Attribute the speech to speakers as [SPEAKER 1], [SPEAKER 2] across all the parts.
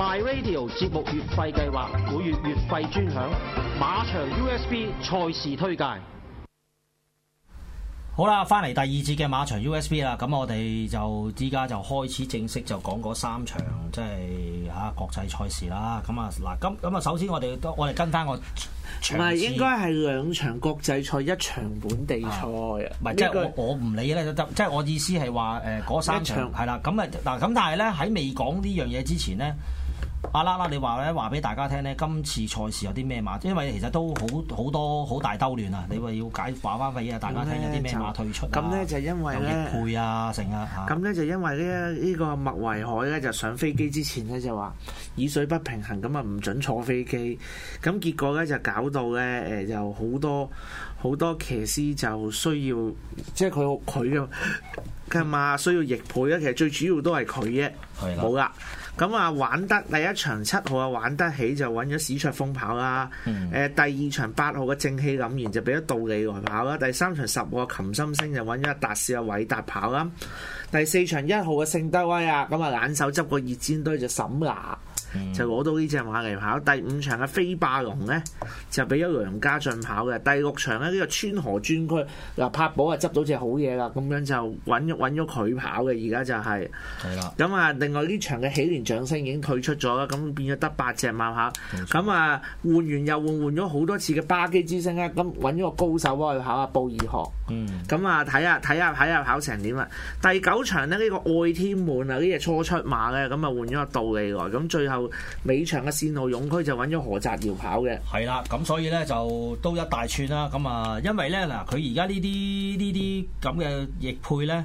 [SPEAKER 1] My Radio 節目月費計劃，每月月費專享。馬場 USB 賽事推介。好啦，翻嚟第二節嘅馬場 USB 啦，咁我哋就依家就開始正式就講嗰三場，即係吓國際賽事啦。咁啊嗱，咁咁啊，啊，首先我哋都我哋跟翻我
[SPEAKER 2] 唔係應該係兩場國際賽，一場本地賽啊。唔係、這個，即係
[SPEAKER 1] 我我唔理咧，即即係我意思係話誒，嗰、呃、三場係啦。咁啊嗱，咁但係咧喺未講呢樣嘢之前咧。阿啦啦，你話咧話俾大家聽咧，今次賽事有啲咩馬？因為其實都好好多好大兜亂啊！你話要解話翻俾啊，大家聽有啲咩馬退出。咁咧就，就因為有咁易配
[SPEAKER 2] 啊，成啊，咁咧就因為咧，呢個麥維海咧就上飛機之前咧就話，耳水不平衡咁啊，唔准坐飛機。咁結果咧就搞到咧誒，又好多好多騎師就需要，即係佢佢啊，嘅馬，需要易配啊。其實最主要都係佢啫，冇啦是的。咁啊，玩得第一場七號啊，玩得起就揾咗史卓風跑啦。誒、嗯，第二場八號嘅正氣凜然就俾咗杜利萊跑啦。第三場十號嘅琴心星就揾咗達士阿韋達跑啦。第四場一號嘅聖德威啊，咁啊冷手執個熱煎堆就審牙。就攞到呢隻馬嚟跑。第五場嘅飛霸龍咧，就俾咗楊家俊跑嘅。第六場咧，呢個川河專區，嗱，柏寶啊執到隻好嘢啦，咁樣就揾揾咗佢跑嘅。而家就係、是，係啦了。咁啊，另外呢場嘅喜蓮掌聲已經退出咗啦，咁變咗得八隻馬跑。咁了啊換完又換，換咗好多次嘅巴基之星啦。咁揾咗個高手啊去跑下布爾學。嗯。咁啊睇下睇下睇下跑成點啦。第九場呢，呢、呢個愛天門啊，呢隻初出馬咧，咁啊換咗個道利來。咁最後。尾場嘅線路勇區就揾咗何澤堯跑嘅，係
[SPEAKER 1] 啦，咁所以咧就都一大串啦，咁、嗯、啊，因為咧嗱，佢而家呢啲呢啲咁嘅逆配咧，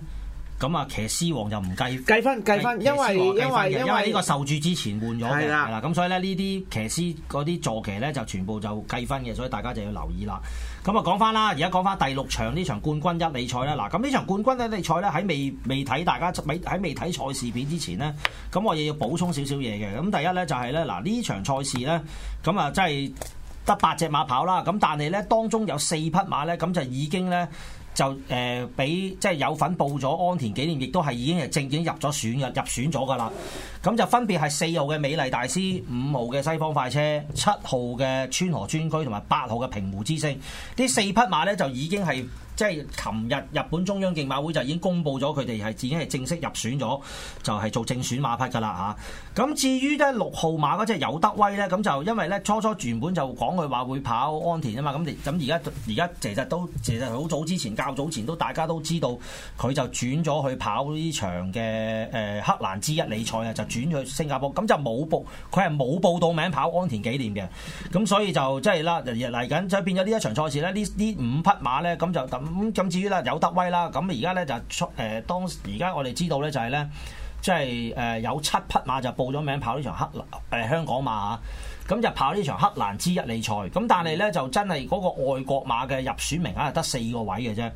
[SPEAKER 1] 咁、嗯、啊，騎師王就唔計，計分計分，計因為分因為因為呢個受注之前換咗嘅，係啦的，咁所以咧呢啲騎師嗰啲座騎咧就全部就計分嘅，所以大家就要留意啦。咁啊，講翻啦，而家講翻第六場呢場冠軍一哩賽啦。嗱，咁呢場冠軍一哩賽咧，喺未未睇大家喺未睇賽事片之前咧，咁我亦要補充少少嘢嘅。咁第一咧就係咧，嗱呢場賽事咧，咁啊真係得八隻馬跑啦。咁但係咧，當中有四匹馬咧，咁就已經咧，就誒俾、呃、即係有份報咗安田紀念，亦都係已經係正經入咗選入選咗㗎啦。咁就分別係四號嘅美麗大師、五號嘅西方快車、七號嘅川河專區同埋八號嘅平湖之星，呢四匹馬呢，就已經係。即係琴日日本中央競馬會就已經公布咗，佢哋係已經係正式入選咗，就係、是、做正選馬匹㗎喇吓。咁、啊、至於咧六號馬嗰隻有德威咧，咁就因為咧初初原本就講佢話會跑安田啊嘛，咁咁而家而家其實都其實好早之前較早前大都大家都知道佢就轉咗去跑呢場嘅誒克蘭芝一哩賽啊，就轉咗去新加坡，咁就冇報佢係冇報到名跑安田紀念嘅，咁所以就即係啦，嚟緊就係、是、變咗呢一場賽事咧，呢呢五匹馬咧咁就咁。咁咁至於啦，有德威啦，咁而家咧就出誒當，而家我哋知道咧就係咧，即係誒有七匹馬就報咗名跑呢場黑誒香港馬咁就跑呢場黑蘭之一哩賽，咁但係咧就真係嗰個外國馬嘅入選名額係得四個位嘅啫，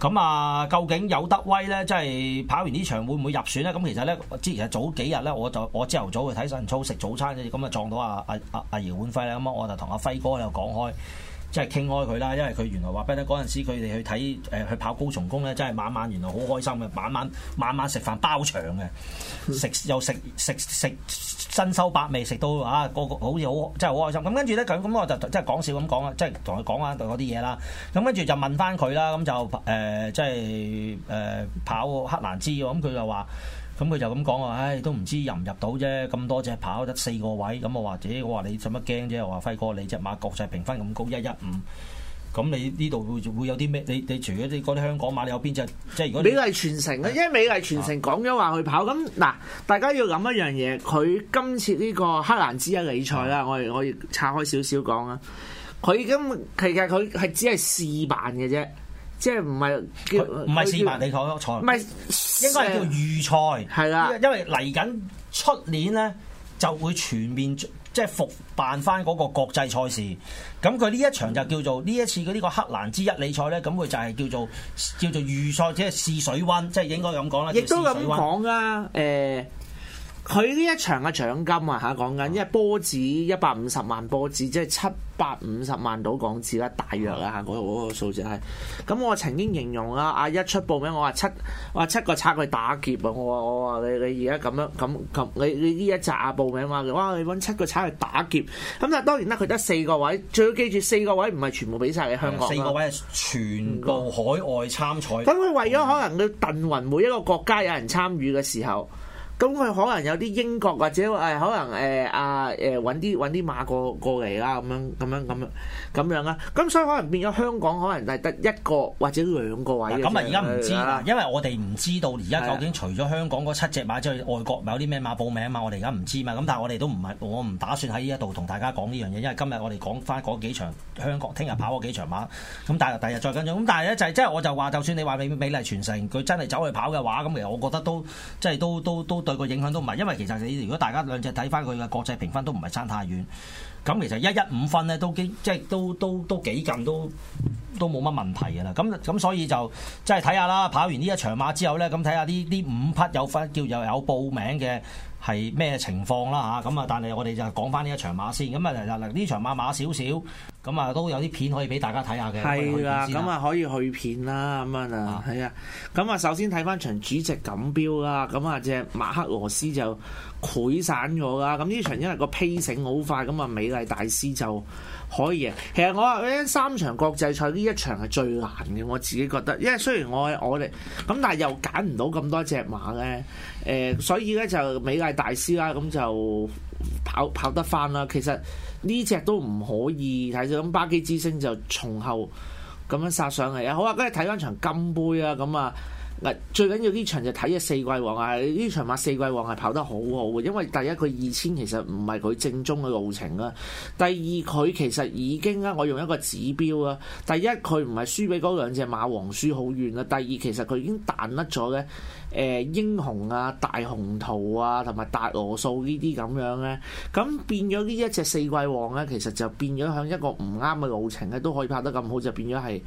[SPEAKER 1] 咁啊究竟有德威咧，即係跑完呢場會唔會入選咧？咁其實咧，之前係早幾日咧，我就我朝頭早去睇晨操食早餐嘅，咁啊撞到阿阿阿阿姚婉輝咧，咁我就同阿輝哥喺度講開。即係傾開佢啦，因為佢原來話俾你，嗰陣時佢哋去睇誒去跑高松宮咧，真係晚晚原來好開心嘅，晚晚晚晚食飯包場嘅，食又食食食，新收百味食到啊，個個好似好，好真係好開心。咁跟住咧咁咁我就即係講笑咁講啦，即係同佢講下嗰啲嘢啦。咁跟住就問翻佢啦，咁就誒、呃、即係誒、呃、跑克蘭芝咁佢就話。咁佢就咁講話，唉，都唔知入唔入到啫，咁多隻跑得四個位，咁我或者我話你做乜驚啫？我話輝哥你隻馬國際評分咁高一一五，咁你呢度會會有啲咩？你你除咗啲啲
[SPEAKER 2] 香港馬，你有邊隻？
[SPEAKER 1] 即係如果美麗
[SPEAKER 2] 傳承啊，是因為美麗傳承講咗話去跑，咁嗱，大家要諗一樣嘢，佢今次呢個黑蘭之一哩賽啦、嗯，我係我係拆開少少講啊，佢今其實佢係只係試辦嘅啫。即係唔係叫唔係試拔你個賽？唔係叫應該係叫預賽。係啦的，因為嚟
[SPEAKER 1] 緊出年咧就會全面即係、就是、復辦翻嗰個國際賽事。咁佢呢一場就叫做呢一次嗰呢個克蘭芝一哩賽咧，咁佢就係叫做叫做預賽，即係試水溫，即係應該咁講啦。亦都咁講啊，誒。
[SPEAKER 2] 欸佢呢一場嘅獎金啊嚇，講緊一波子一百五十萬波子，即係七百五十萬到港紙啦，大約啊，嗰、那、嗰個數字啦。咁我曾經形容啦，啊一出報名，我話七，我話七個賊去打劫啊！我話我話你你而家咁樣咁咁，你你呢一集啊報名話嘅，哇！你揾七個賊去打劫。咁但係當然啦，佢得四個位，最好記住四個位唔係全部俾晒你香港，四個
[SPEAKER 1] 位係全部海外參賽。咁
[SPEAKER 2] 佢、嗯嗯、為咗可能佢鈍勻每一個國家有人參與嘅時候。咁佢可能有啲英國或者誒可能誒、欸、啊誒揾啲揾啲馬過過嚟啦，咁樣咁樣咁樣咁樣啊。咁所以可能變咗香港可能係得一個或者兩個位。咁啊，而家唔知啦，
[SPEAKER 1] 因為我哋唔知道而家究竟除咗香港嗰七隻馬之外，外國有啲咩馬報名啊嘛，我哋而家唔知嘛。咁但係我哋都唔係，我唔打算喺呢一度同大家講呢樣嘢，因為今日我哋講翻嗰幾場香港，聽日跑嗰幾場馬，咁但係第日再跟蹤。咁但係咧就即係我就話，就算你話你美麗傳承佢真係走去跑嘅話，咁其實我覺得都即係都都都。都都對個影響都唔係，因為其實你如果大家兩隻睇翻佢嘅國際評分都唔係差太遠，咁其實一一五分呢，都幾，即係都都都幾近，都都冇乜問題㗎啦。咁咁所以就即係睇下啦，跑完呢一場馬之後呢，咁睇下呢呢五匹有分叫又有報名嘅係咩情況啦吓，咁啊，但係我哋就講翻呢一場馬先。咁啊，嗱嗱呢場馬馬少少。咁啊，都有啲片可以俾大家睇下嘅，係啦的，咁啊
[SPEAKER 2] 可以去片啦，咁樣啊，係啊，咁啊首先睇翻場主席錦標啦，咁啊隻馬克羅斯就潰散咗啦，咁呢場因為個披繩好快，咁啊美麗大師就可以贏。其實我話呢三場國際賽呢一場係最難嘅，我自己覺得，因為雖然我我哋咁，但係又揀唔到咁多隻馬咧，誒、呃，所以咧就美麗大師啦，咁就跑跑得翻啦，其實。呢隻都唔可以睇到，咁、就是，巴基之星就從後咁樣殺上嚟啊！好啊，跟住睇返場金杯啊，咁啊～最緊要呢場就睇啊四季旺啊，呢場馬四季旺係跑得好好嘅，因為第一佢二千其實唔係佢正宗嘅路程啦，第二佢其實已經咧，我用一個指標啊，第一佢唔係輸俾嗰兩隻馬王輸好遠啦，第二其實佢已經彈甩咗咧，誒、呃、英雄啊、大紅圖啊同埋大羅素呢啲咁樣咧，咁變咗呢一隻四季旺咧，其實就變咗向一個唔啱嘅路程咧，都可以跑得咁好，就變咗係。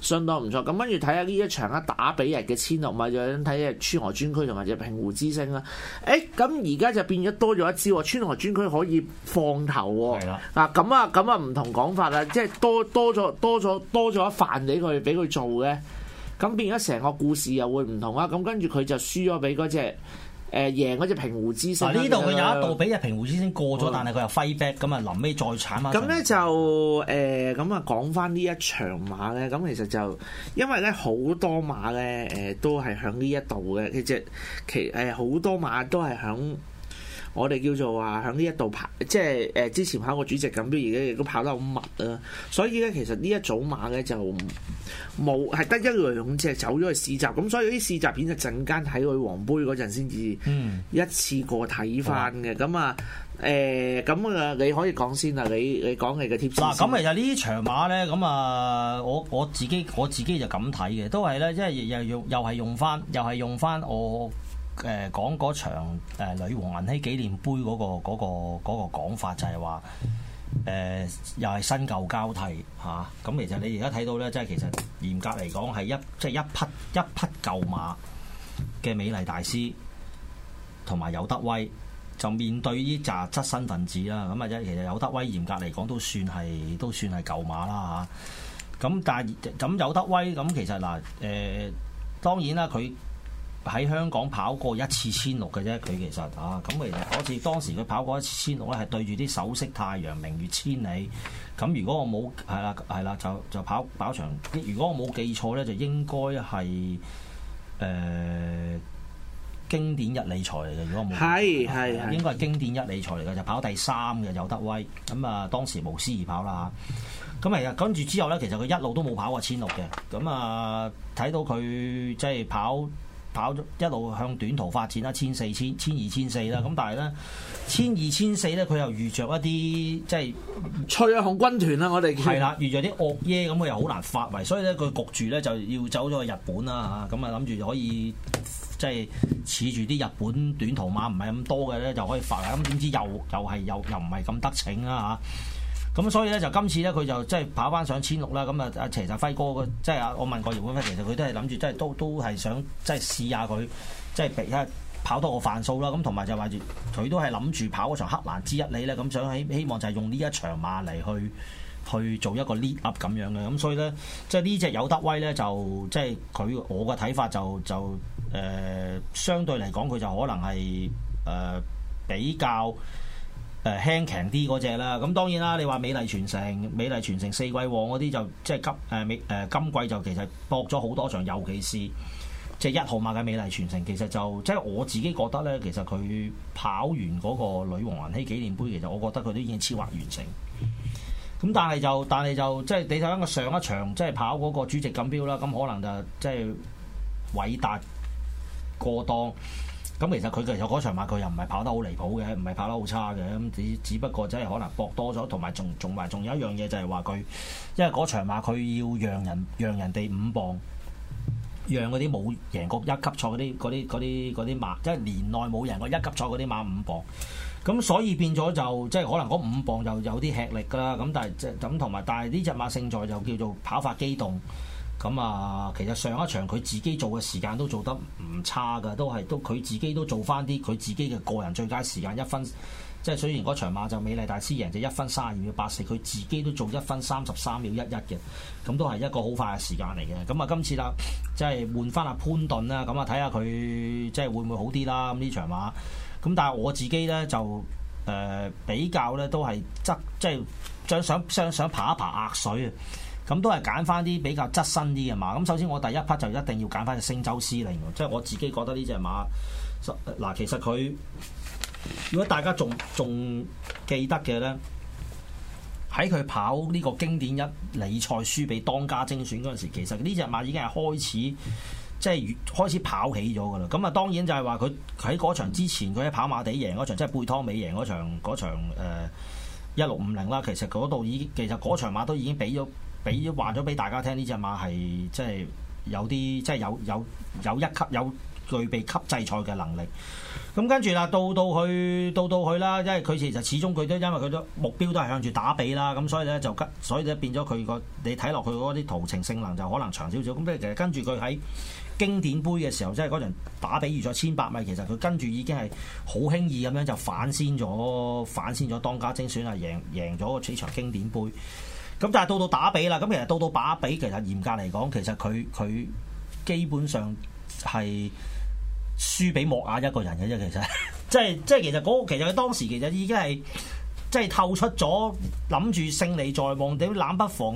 [SPEAKER 2] 相當唔錯，咁跟住睇下呢一場啦，打比日嘅千六米，再睇下川河專區同埋隻平湖之星啦。誒、欸，咁而家就變咗多咗一支川河專區可以放頭喎。係啦的，嗱咁啊，咁啊唔同講法啦，即係多多咗多咗多咗一飯俾佢俾佢做嘅，咁變咗成個故事又會唔同啊！咁跟住佢就輸咗俾嗰隻。誒、呃、贏嗰隻平湖之星，呢度佢有一度
[SPEAKER 1] 俾隻平湖之星過咗，但係佢又 fight back 咁啊、嗯！臨尾再鏟啊！咁咧
[SPEAKER 2] 就誒咁啊，講翻呢一場馬咧，咁其實就因為咧好多馬咧誒、呃、都係響呢一度嘅，其實其誒好、呃、多馬都係響。我哋叫做話喺呢一度跑，即係誒之前跑個主席錦標都而家亦都跑得好密啦。所以咧，其實呢一組馬咧就冇，係得一兩隻走咗去試集。咁所以啲試集片就陣間喺佢皇杯嗰陣先至一次過睇翻嘅。咁、嗯、啊，誒咁啊，你可以講先啊，你你講你嘅貼士。咁其實呢
[SPEAKER 1] 啲場馬咧，咁啊，我我自己我自己就咁睇嘅，都係咧，即係又用又係用翻，又係用翻我。誒講嗰場女王銀禧紀念杯嗰，那個嗰，那個那個講法就係話，誒又係新舊交替嚇。咁、啊、其實你而家睇到咧，即係其實嚴格嚟講係一即係、就是，一匹一匹舊馬嘅美麗大師，同埋有德威就面對呢扎質身份子啦。咁啊，一其實有德威嚴格嚟講都算係都算係舊馬啦嚇。咁、啊啊、但係咁有德威咁其實嗱誒、啊呃，當然啦佢。喺香港跑過一次千六嘅啫，佢其實啊，咁其實嗰次當時佢跑過一次千六咧，係對住啲首飾太陽明月千里。咁如果我冇係啦係啦，就就跑跑場。如果我冇記錯咧，就應該係誒、呃、經典一哩賽嚟嘅。如果冇係係應該係經典一哩賽嚟嘅，就跑第三嘅有得威。咁啊，當時無私而跑啦嚇。咁啊，跟住之後咧，其實佢一路都冇跑過千六嘅。咁啊，睇到佢即係跑。跑咗一路向短途發展啦，千四千千二千四啦，咁但係咧，千二千四咧，佢又遇着一啲即係催控軍團啦，我哋係啦，遇着啲惡嘢，咁佢又好難發圍，所以咧佢焗住咧就要走咗去日本啦嚇，咁啊諗住、啊啊、可以即係恃住啲日本短途馬唔係咁多嘅咧，就可以發圍啦，咁、啊、點知又又係又又唔係咁得逞啦嚇。啊咁所以咧就今次咧佢就即係跑翻上千六啦，咁啊阿齊就輝哥，即係啊我問過葉冠輝，其實佢都係諗住，即係都都係想即係試下佢，即係俾一跑多個範數啦。咁同埋就話住佢都係諗住跑嗰場黑蘭之一哩咧，咁想希希望就係用呢一場馬嚟去去做一個 lead up 咁樣嘅。咁所以咧，即係呢隻有德威咧就即係佢我嘅睇法就就誒，相對嚟講佢就可能係誒比較。誒輕強啲嗰隻啦，咁當然啦。你話美麗傳承、美麗傳承四季旺嗰啲就即係、呃、今誒美誒今季就其實搏咗好多場，尤其是即係一號馬嘅美麗傳承，其實就即係我自己覺得呢，其實佢跑完嗰個女王銀禧紀念杯，其實我覺得佢都已經超額完成。咁但係就但係就即係你睇緊個上一場即係跑嗰個主席錦標啦，咁可能就即係偉達過檔。咁其實佢其實嗰場馬佢又唔係跑得好離譜嘅，唔係跑得好差嘅，只只不過即係可能搏多咗，同埋仲仲埋仲有一樣嘢就係話佢，因為嗰場馬佢要讓人讓人哋五磅，讓嗰啲冇贏過一級賽嗰啲啲啲啲馬，即係年內冇贏過一級賽嗰啲馬五磅，咁所以變咗就即係、就是、可能嗰五磅就有啲吃力㗎啦，咁但係即係咁同埋，但係呢隻馬勝在就叫做跑法機動。咁啊，其實上一場佢自己做嘅時間都做得唔差嘅，都係都佢自己都做翻啲佢自己嘅個人最佳時間一分，即係雖然嗰場馬就美麗大師贏就一分三十二秒八四，佢自己都做一分三十三秒一一嘅，咁都係一個好快嘅時間嚟嘅。咁啊，今次啦，即係換翻阿潘頓啦，咁啊睇下佢即係會唔會好啲啦？咁呢場馬，咁但係我自己咧就誒比較咧都係側即係想想想想爬一爬壓水啊！咁都係揀翻啲比較側身啲嘅馬。咁首先我第一匹就一定要揀翻隻星州司令，即係我自己覺得呢隻馬。嗱，其實佢如果大家仲仲記得嘅咧，喺佢跑呢個經典一哩賽輸俾當家精選嗰陣時，其實呢隻馬已經係開始即係開始跑起咗噶啦。咁啊，當然就係話佢喺嗰場之前，佢喺跑馬地贏嗰場，即係貝湯美贏嗰場嗰場誒一六五零啦。其實嗰度已其實嗰場馬都已經俾咗。俾話咗俾大家聽，呢隻馬係即係有啲即係有有有一級有具備級制賽嘅能力。咁跟住啦，到到去到到去啦，因為佢其實始終佢都因為佢都目標都係向住打比啦，咁所以咧就所以咧變咗佢個你睇落去嗰啲途程性能就可能長少少。咁即係其實跟住佢喺經典杯嘅時候，即係嗰場打比預賽千八百米，其實佢跟住已經係好輕易咁樣就反先咗，反先咗當家精選啊，贏贏咗個取場經典杯。咁但係到到打比啦，咁其實到到打比，其實嚴格嚟講，其實佢佢基本上係輸俾莫雅一個人嘅啫，其實，即係即係、那個、其實嗰個其實佢當時其實已經係即係透出咗諗住勝利在望，點冷不防？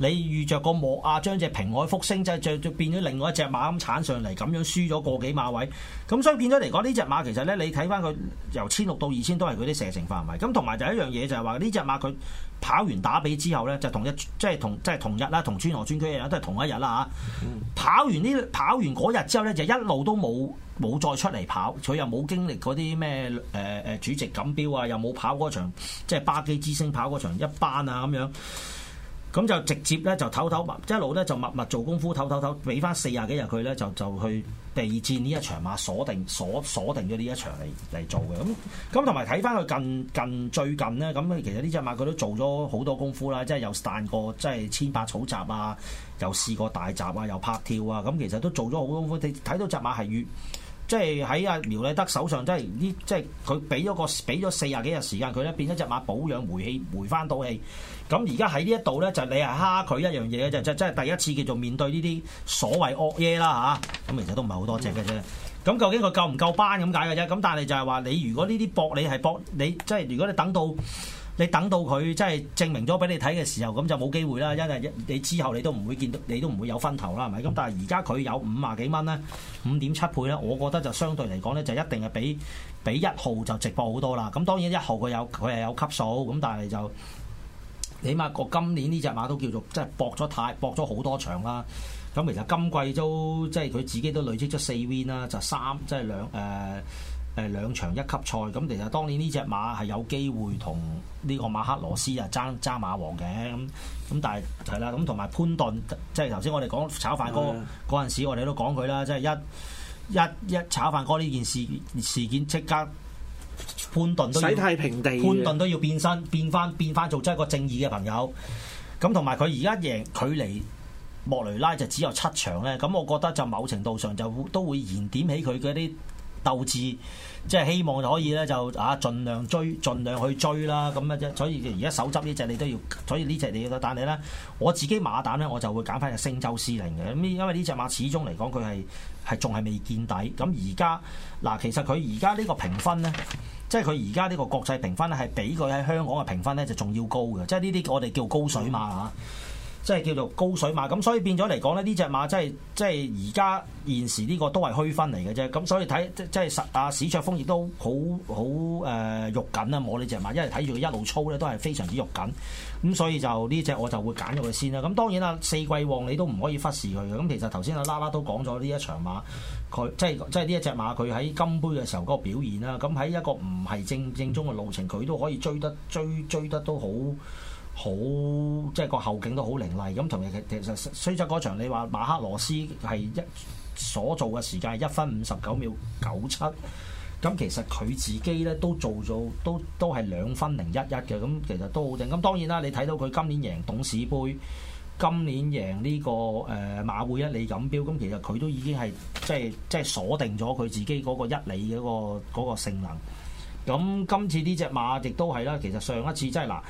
[SPEAKER 1] 你遇着個磨啊，將隻平海福星即係著著變咗另外一隻馬咁鏟上嚟，咁樣輸咗個幾馬位。咁所以變咗嚟講呢隻馬其實咧，你睇翻佢由千六到二千都係佢啲射程範圍。咁同埋就一樣嘢就係話呢隻馬佢跑完打比之後咧，就同一即係、就是、同即係、就是、同一啦，同川河專區嘅人都係同一日啦吓， 跑完呢跑完嗰日之後咧，就一路都冇冇再出嚟跑，佢又冇經歷嗰啲咩誒誒主席錦標啊，又冇跑嗰場即係、就是、巴基之星跑嗰場一班啊咁樣。咁就直接咧就偷偷，一路咧就默默做功夫，偷偷偷俾翻四廿幾日佢咧就就去備戰呢一場馬，鎖定鎖鎖定咗呢一場嚟嚟做嘅。咁咁同埋睇翻佢近近，近最近咧，咁其實呢隻馬佢都做咗好多功夫啦，即係又彈過，即係千百草集啊，又試過大閘啊，又拍跳啊，咁其實都做咗好多功夫。你睇到隻馬係越。即係喺阿苗禮德手上，即係呢，即係佢俾咗個俾咗四廿幾日時間，佢咧變咗隻馬保養回氣，回翻到氣。咁而家喺呢一度咧，就係、你係蝦佢一樣嘢嘅，就即係即係第一次叫做面對呢啲所謂惡嘢啦嚇。咁、啊啊、其實都唔係好多隻嘅啫。咁究竟佢夠唔夠班咁解嘅啫？咁但係就係話你如果呢啲博，博，你係博你即係如果你等到。你等到佢即係證明咗俾你睇嘅時候，咁就冇機會啦，因為你之後你都唔會見到，你都唔會有分頭啦，係咪？咁但係而家佢有五啊幾蚊咧，五點七倍咧，我覺得就相對嚟講咧，就一定係比比一號就直播好多啦。咁當然一號佢有佢係有級數，咁但係就起碼個今年呢隻馬都叫做即係博咗太博咗好多場啦。咁其實今季都即係佢自己都累積咗四 win 啦，就三即係兩誒。誒兩場一級賽，咁其實當年呢隻馬係有機會同呢個馬克羅斯啊爭爭，爭馬王嘅。咁咁，但係係啦，咁同埋潘頓，即係頭先我哋講炒飯哥嗰陣時，我哋都講佢啦，即係一一一炒飯哥呢件事事件即刻潘頓都要洗太平地，潘頓都要變身，變返變返做真係個正義嘅朋友。咁同埋佢而家贏距離莫雷拉就只有七場咧，咁我覺得就某程度上就都會燃點起佢嗰啲。鬥志，即係希望就可以咧就啊，儘量追，儘量去追啦。咁啊，即係所以而家手執呢隻你都要，所以呢隻你都要得。但係咧，我自己馬膽咧，我就會揀翻隻星州司令嘅咁，因為呢隻馬始終嚟講佢係係仲係未見底。咁而家嗱，其實佢而家呢個評分咧，即係佢而家呢個國際評分咧，係比佢喺香港嘅評分咧就仲要高嘅。即係呢啲我哋叫高水馬嚇。嗯即係叫做高水馬，咁所以變咗嚟講咧，呢隻馬即係即係而家現時呢個都係虛分嚟嘅啫。咁所以睇即即係實啊，就是，史卓峯亦都好好誒肉緊啊。摸呢隻馬，因為睇住佢一路操咧都係非常之肉緊。咁所以就呢隻我就會揀咗佢先啦。咁當然啦，四季旺你都唔可以忽視佢嘅。咁其實頭先阿啦啦都講咗呢一場馬，佢即係即係呢一隻馬佢喺金杯嘅時候嗰個表現啦。咁喺一個唔係正正宗嘅路程，佢都可以追得追追得都好。好，即係個後勁都好凌厲咁，同埋其實雖則嗰場你話馬克羅斯係一所做嘅時間係一分五十九秒九七，咁其實佢自己咧都做咗，都都係兩分零一一嘅，咁其實都好正。咁當然啦，你睇到佢今年贏董事杯，今年贏呢個誒馬會一哩錦標，咁其實佢都已經係即係即係鎖定咗佢自己嗰個一哩嘅、嗰個嗰、嗰個性能。咁今次呢隻馬亦都係啦。其實上一次即係嗱，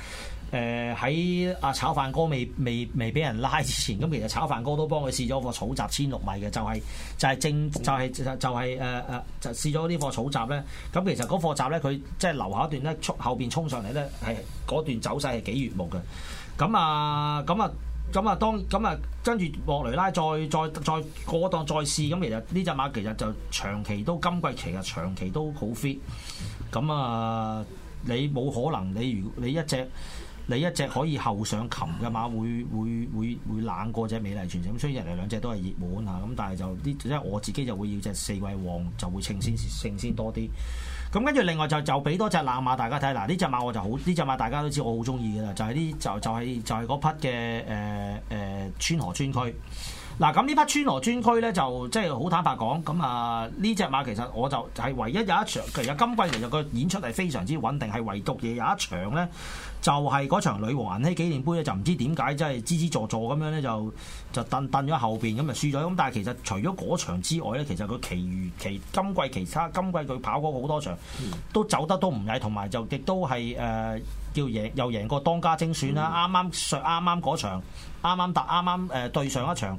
[SPEAKER 1] 誒喺阿炒飯哥未未未俾人拉之前，咁其實炒飯哥都幫佢試咗個草閘千六米嘅，就係、是、就係、是、正就係、是、就係誒誒就試咗呢個草閘咧。咁其實嗰個閘咧，佢即係留下一段咧，衝後邊衝上嚟咧，係嗰段走勢係幾悅目嘅。咁啊咁啊咁啊，當咁啊跟住、啊啊啊、莫雷拉再再再，再過檔再試，咁其實呢隻馬其實就長期都今季其實長期都好 fit。咁啊！你冇可能你如你一隻，你一隻可以後上琴嘅馬，會會會會冷過隻美麗傳承。雖然入嚟兩隻都係熱門嚇，咁但係就呢，即係我自己就會要隻四季旺，就會稱先稱先多啲。咁跟住另外就就俾多隻冷馬大家睇嗱，呢隻馬我就好呢隻馬大家都知我好中意噶啦，就係、是、呢，就係、就係就係嗰匹嘅誒誒川河川區。嗱咁、啊、呢匹川河尊駒咧就即係好坦白講，咁啊呢隻馬其實我就係唯一有一場，其實今季其實個演出係非常之穩定，係唯獨亦有一場咧，就係、是、嗰場女王銀禧紀念杯咧，就唔知點解真係支支坐坐咁樣咧，就就蹬蹬咗後邊咁就輸咗。咁但係其實除咗嗰場之外咧，其實佢其餘其今季其他今季佢跑過好多場，都走得都唔曳，同埋就亦都係誒叫贏又贏過當家精選啦。啱啱上啱啱嗰場，啱啱答，啱啱誒對上一場。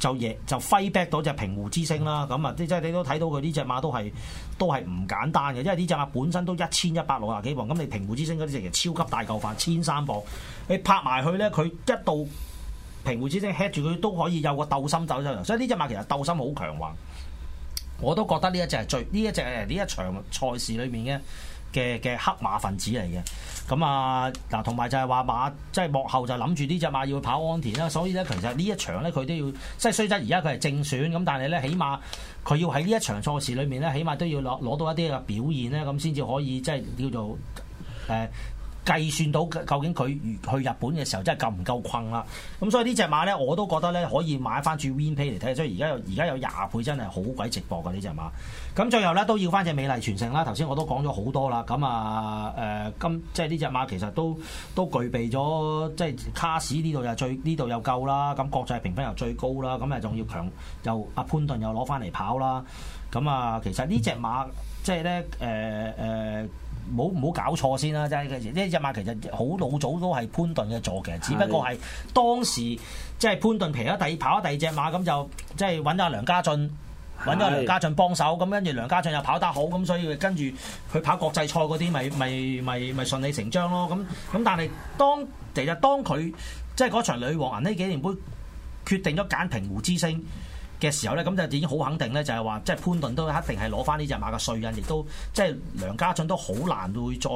[SPEAKER 1] 就亦就 fight back 到隻平湖之星啦，咁啊，即即係你都睇到佢呢隻馬都係都係唔簡單嘅，因為呢隻馬本身都一千一百六廿幾磅，咁你平湖之星嗰隻其實超級大嚿飯，千三磅，你拍埋去咧，佢一到平湖之星 hit 住佢都可以有個鬥心走出嚟，所以呢隻馬其實鬥心好強橫，我都覺得呢一隻係最呢一隻係呢一場賽事裏面嘅。嘅嘅黑馬分子嚟嘅，咁啊嗱，同埋就係話馬即係、就是、幕後就諗住呢隻馬要跑安田啦，所以咧其實呢一場咧佢都要即係雖則而家佢係正選，咁但係咧起碼佢要喺呢一場賽事裏面咧，起碼都要攞攞到一啲嘅表現咧，咁先至可以即係、就是、叫做誒。呃計算到究竟佢去日本嘅時候真係夠唔夠困啦？咁所以隻呢隻馬咧，我都覺得咧可以買翻住 WinPay 嚟睇。所以而家有而家有廿倍真係好鬼直播㗎呢隻馬。咁最後咧都要翻隻美麗傳承啦。頭先我都講咗好多啦。咁啊誒，今、呃、即係呢隻馬其實都都具備咗，即係卡士呢度就最呢度又夠啦。咁國際評分又最高啦。咁誒仲要強又阿潘頓又攞翻嚟跑啦。咁啊，其實隻呢隻馬即係咧誒誒。呃呃冇好搞錯先啦！即係呢隻馬其實好老早都係潘頓嘅座嘅，其實只不過係當時即係潘頓平咗第二跑咗第二隻馬咁，就即係揾阿梁家俊揾阿梁家俊幫手咁，跟住梁家俊又跑得好咁，所以跟住佢跑國際賽嗰啲咪咪咪咪順理成章咯。咁咁但係當其實當佢即係嗰場女王銀呢幾年杯決定咗揀平湖之星。嘅時候咧，咁就已經好肯定咧，就係話即係潘頓都一定係攞翻呢隻馬嘅帥印，亦都即係、就是、梁家俊都好難會再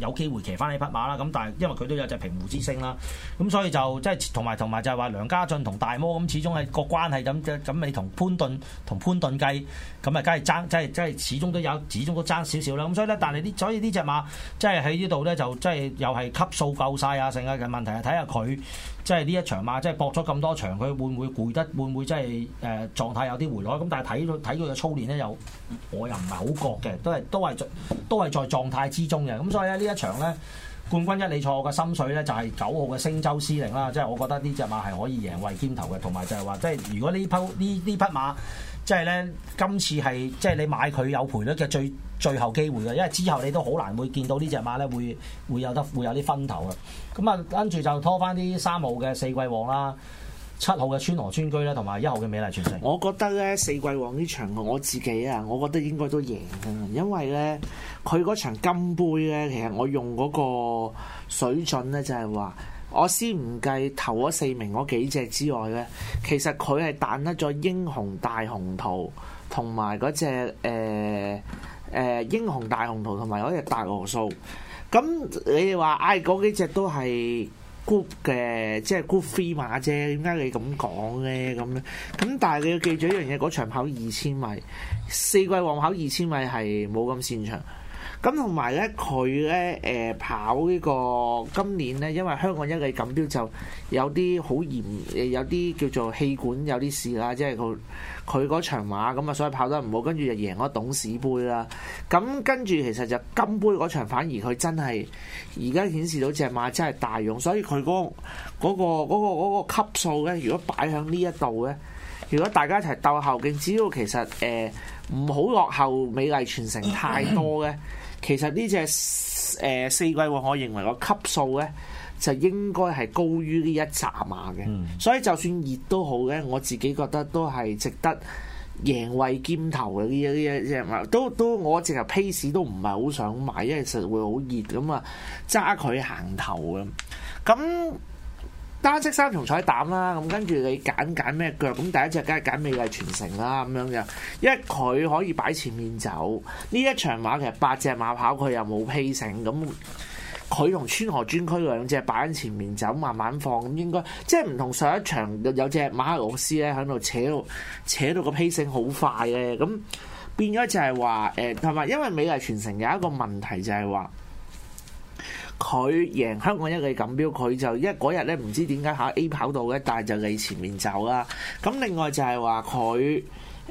[SPEAKER 1] 有機會騎翻呢匹馬啦。咁但係因為佢都有隻平湖之星啦，咁所以就即係同埋同埋就係、是、話梁家俊同大魔咁始終係個關係咁，即咁你同潘頓同潘頓計咁啊，梗係爭即係即係始終都有始終都爭少少啦。咁所以咧，但係呢所以呢隻馬即係喺呢度咧，就即、是、係、就是、又係級數夠晒啊，成啊嘅問題係睇下佢。看看即係呢一場嘛，即係搏咗咁多場，佢會唔會攰得？會唔會即係誒、呃、狀態有啲回落？咁但係睇到睇佢嘅操練咧，又我又唔係好覺嘅，都係都係都係在狀態之中嘅。咁、嗯、所以咧呢一場咧，冠軍一理錯，我嘅心水咧就係、是、九號嘅星洲司令啦。即係我覺得呢隻馬係可以贏位兼頭嘅，同埋就係話即係如果呢匹呢呢匹馬。即係咧，今次係即係你買佢有賠率嘅最最後機會嘅，因為之後你都好難會見到隻呢隻馬咧，會會有得會有啲分頭啊。咁、嗯、啊，跟住就拖翻啲三號嘅四季旺啦，七號嘅川河村居啦，同埋一號嘅美麗傳承。
[SPEAKER 2] 我覺得咧，四季旺呢場，我自己啊，我覺得應該都贏㗎，因為咧，佢嗰場金杯咧，其實我用嗰個水準咧，就係、是、話。我先唔計頭嗰四名嗰幾隻之外呢，其實佢係彈得咗英雄大紅圖同埋嗰隻誒誒英雄大紅圖同埋嗰隻大蛾數。咁你哋話唉嗰幾隻都係 Group 嘅，即係 Group 3馬啫。點解你咁講呢？咁樣咁，但係你要記住一樣嘢，嗰場跑二千米，四季旺跑二千米係冇咁擅長。咁同埋咧，佢咧誒跑呢個今年咧，因為香港一哩錦標就有啲好嚴，有啲叫做氣管有啲事啦，即係佢佢嗰場馬咁啊，所以跑得唔好，跟住就贏咗董事杯啦。咁跟住其實就金杯嗰場，反而佢真係而家顯示到隻馬真係大用，所以佢嗰嗰個嗰個嗰個級數咧，如果擺喺呢一度咧，如果大家一齊鬥後勁，只要其實誒。呃唔好落後美麗傳承太多嘅，其實呢隻誒四季旺，我認為個級數咧就應該係高於呢一紮馬嘅，嗯、所以就算熱都好嘅，我自己覺得都係值得贏位兼頭嘅呢一啲一隻馬，都都我成日 pace 都唔係好想買，因為實會好熱咁啊，揸佢行頭嘅，咁。單色三重彩膽啦，咁跟住你揀揀咩腳，咁第一隻梗係揀美麗傳承啦，咁樣就，因為佢可以擺前面走。呢一場馬其實八隻馬跑，佢又冇 pacing，咁佢同川河專區兩隻擺喺前面走，慢慢放，咁應該即係唔同上一場有隻馬克羅斯咧喺度扯到扯到個 pacing 好快咧，咁變咗就係話，誒同埋因為美麗傳承有一個問題就係話。佢贏香港一哩錦標，佢就因為嗰日咧唔知點解喺 A 跑道咧，但係就喺前面走啦。咁另外就係話佢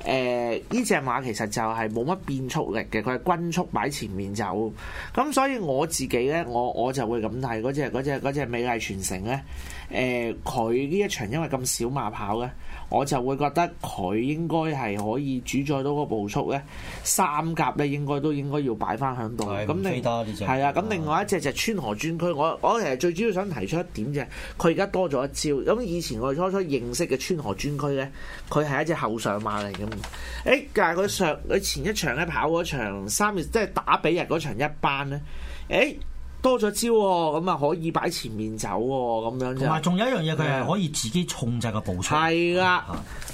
[SPEAKER 2] 誒，呢隻馬其實就係冇乜變速力嘅，佢係均速擺前面走。咁所以我自己咧，我我就會咁睇嗰隻嗰隻嗰隻美麗傳承咧。誒、呃，佢呢一場因為咁少馬跑咧。我就會覺得佢應該係可以主宰到個步速咧，三甲咧應該都應該要擺翻響度。咁對你係、嗯、啊，咁另外一隻就川河專區。我我其實最主要想提出一點，就係佢而家多咗一招。咁以前我哋初初認識嘅川河專區咧，佢係一隻後上馬嚟嘅。誒、欸，但係佢上佢前一場咧，跑嗰場三月，即、就、係、是、打比日嗰場一班咧，誒、欸。多咗招，哦，咁啊可以擺前面走，哦，咁樣。同埋仲有一樣嘢，佢係的可以自己控制個步數。係啦，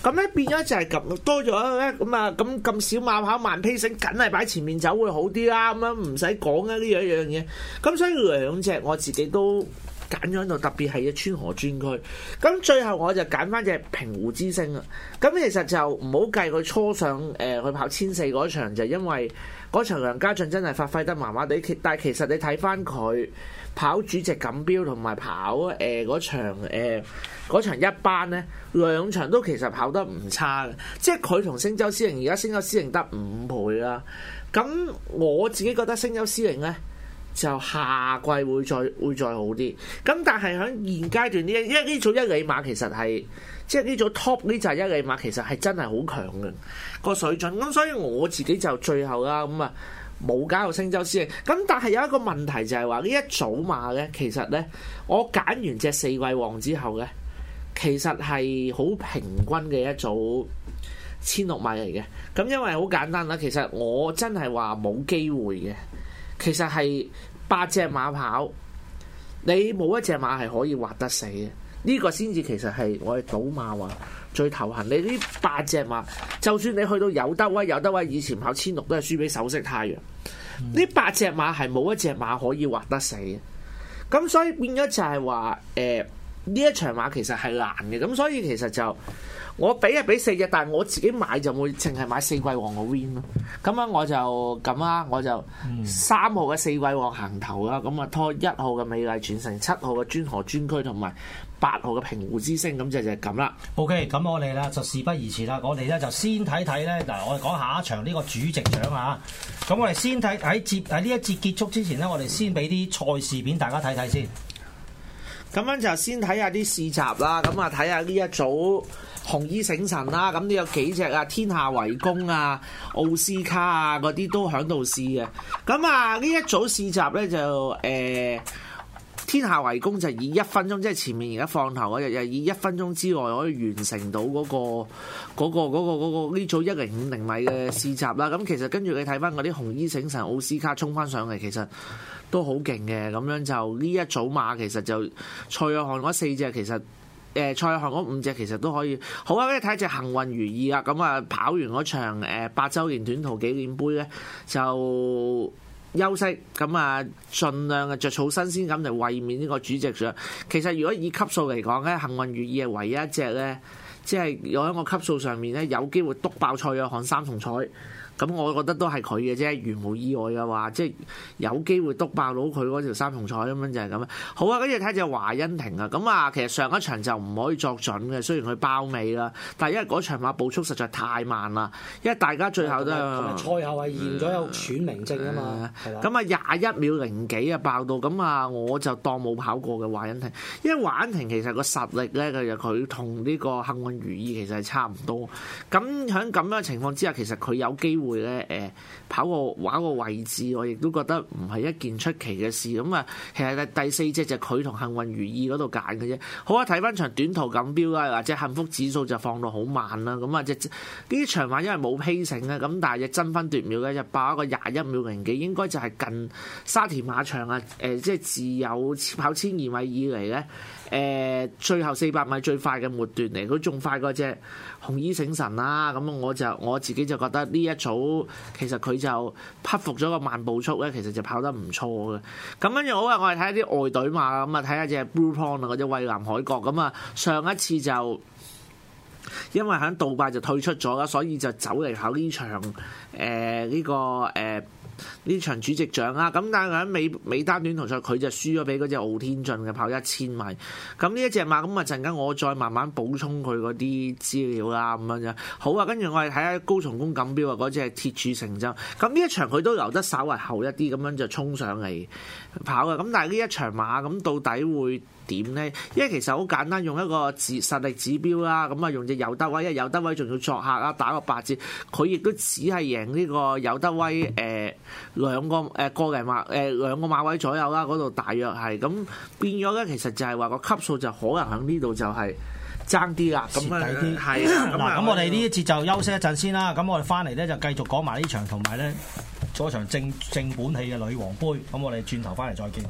[SPEAKER 2] 咁咧變咗就係多咗咧，咁啊咁咁少馬跑慢 pacing 梗係擺前面走會好啲啦，啊，咁樣唔使講啊呢樣一樣嘢。咁所以兩隻我自己都揀咗喺度，特別係要川河專區。咁最後我就揀翻隻平湖之星啊。咁其實就唔好計佢初上誒，佢，呃，跑千四嗰場就是、因為。嗰場梁家俊真係發揮得麻麻地，但係其實你睇翻佢跑主席錦標同埋跑誒嗰、呃、場誒、呃、一班咧，兩場都其實跑得唔差嘅，即係佢同星洲獅營而家星洲獅營得五倍啦。咁我自己覺得星洲獅營呢，就下季會再會再好啲。咁但係喺現階段呢一呢組一哩馬其實係。即係呢組 top 呢紮一哩馬其實係真係好強嘅個水準，咁所以我自己就最後啦，咁啊冇加入星洲司令。咁但係有一個問題就係話呢一組馬呢，其實呢，我揀完隻四季旺之後呢，其實係好平均嘅一組千六米嚟嘅。咁因為好簡單啦，其實我真係話冇機會嘅。其實係八隻馬跑，你冇一隻馬係可以劃得死嘅。呢個先至其實係我哋賭馬話最頭痕。你呢八隻馬，就算你去到有得威，有得威以前跑千六都係輸俾首飾太陽。呢、嗯、八隻馬係冇一隻馬可以劃得死嘅。咁所以變咗就係話，誒、呃、呢一場馬其實係難嘅。咁所以其實就我俾一俾四隻，但係我自己買就會淨係買四季王嘅 win 咯。咁啊我就咁啦，我就三號嘅四季王行頭啦，咁啊拖一號嘅美麗傳承，七號嘅專河專區同埋。八號嘅平湖之星，咁就就係咁啦。
[SPEAKER 1] OK，咁我哋啦就事不宜遲啦，我哋咧就先睇睇咧嗱，我哋講下一場呢個主席獎啊。咁我哋先睇喺節喺呢一節結束之前咧，我哋先俾啲賽事片大家睇睇先。
[SPEAKER 2] 咁樣就先睇下啲試閘啦。咁啊睇下呢一組紅衣醒神啦。咁都有幾隻啊？天下為公啊，奧斯卡啊嗰啲都喺度試嘅。咁啊呢一組試閘咧就誒。呃天下圍攻就是、以一分鐘，即、就、係、是、前面而家放頭啊！日日以一分鐘之內可以完成到嗰、那個嗰、那個呢、那個那個那個、組一零五零米嘅試閘啦。咁、嗯、其實跟住你睇翻嗰啲紅衣醒神奧斯卡衝翻上嚟，其實都好勁嘅。咁樣就呢一組馬其實就蔡約翰嗰四隻，其實誒蔡約翰嗰五隻其實都可以好啊！跟住睇一隻幸運如意啊！咁、嗯、啊，跑完嗰場、呃、八周年短途紀念杯咧，就～休息咁啊，儘量啊著草新鮮咁嚟衛冕呢個主席上。其實如果以級數嚟講咧，幸運如意係唯一一隻咧，即係有一個級數上面咧，有機會督爆蔡若看三重彩。咁我覺得都係佢嘅啫，如無意外嘅話，即係有機會督爆到佢嗰條三重彩咁、就係、樣就係咁樣。好啊，跟住睇隻華欣亭啊，咁啊其實上一場就唔可以作準嘅，雖然佢包尾啦，但係因為嗰場馬步速實在太慢啦，因為大家最後都、哦、因為賽後係驗咗有喘鳴證啊嘛，咁啊廿一秒零幾啊爆到，咁啊我就當冇跑過嘅華欣亭，因為華欣亭其實個實力咧，佢佢同呢個幸運如意其實係差唔多，咁喺咁樣嘅情況之下，其實佢有機會。會咧誒跑個揾個位置，我亦都覺得唔係一件出奇嘅事。咁啊，其實第四隻就係佢同幸運如意嗰度揀嘅啫。好啊，睇翻場短途錦標啊，或者幸福指數就放到好慢啦。咁啊，只呢啲場馬因為冇披醒啊，咁但係隻爭分奪秒嘅就爆一個廿一秒零幾，應該就係近沙田馬場啊誒，即、呃、係自有跑千二米以嚟咧。誒最後四百米最快嘅末段嚟，佢仲快過隻紅衣醒神啦！咁我就我自己就覺得呢一組其實佢就克服咗個慢步速咧，其實就跑得唔錯嘅。咁跟住好啊，我哋睇下啲外隊嘛，咁啊睇下隻 Blue Pond 啊，嗰隻蔚藍海角咁啊，上一次就因為喺杜拜就退出咗啦，所以就走嚟跑呢場誒呢、呃呢個誒。呃呢場主席獎啦，咁但係喺美美丹短途賽佢就輸咗俾嗰隻傲天進嘅跑一千米，咁呢一隻馬咁啊陣間我再慢慢補充佢嗰啲資料啦，咁樣樣好啊，跟住我哋睇下高松宮錦標啊，嗰隻鐵柱成就。咁呢一場佢都留得稍為後一啲咁樣就衝上嚟跑呀，咁但係呢一場馬咁到底會點咧？因為其實好簡單，用一個指實力指標啦，咁啊用隻有德威，因為有德威仲要作客啦，打個八折，佢亦都只係贏呢個有德威誒、呃、兩個誒、呃、個零馬誒、呃、兩個馬位左右啦，嗰度大約係咁變咗咧，其實就係話個級數就可能喺呢度就係爭啲額蝕底啲。係啊，咁
[SPEAKER 1] 我哋呢一節就休息一陣先啦。咁我哋翻嚟咧就繼續講埋呢場，同埋咧嗰場正正本戲嘅女王杯。咁我哋轉頭翻嚟再見。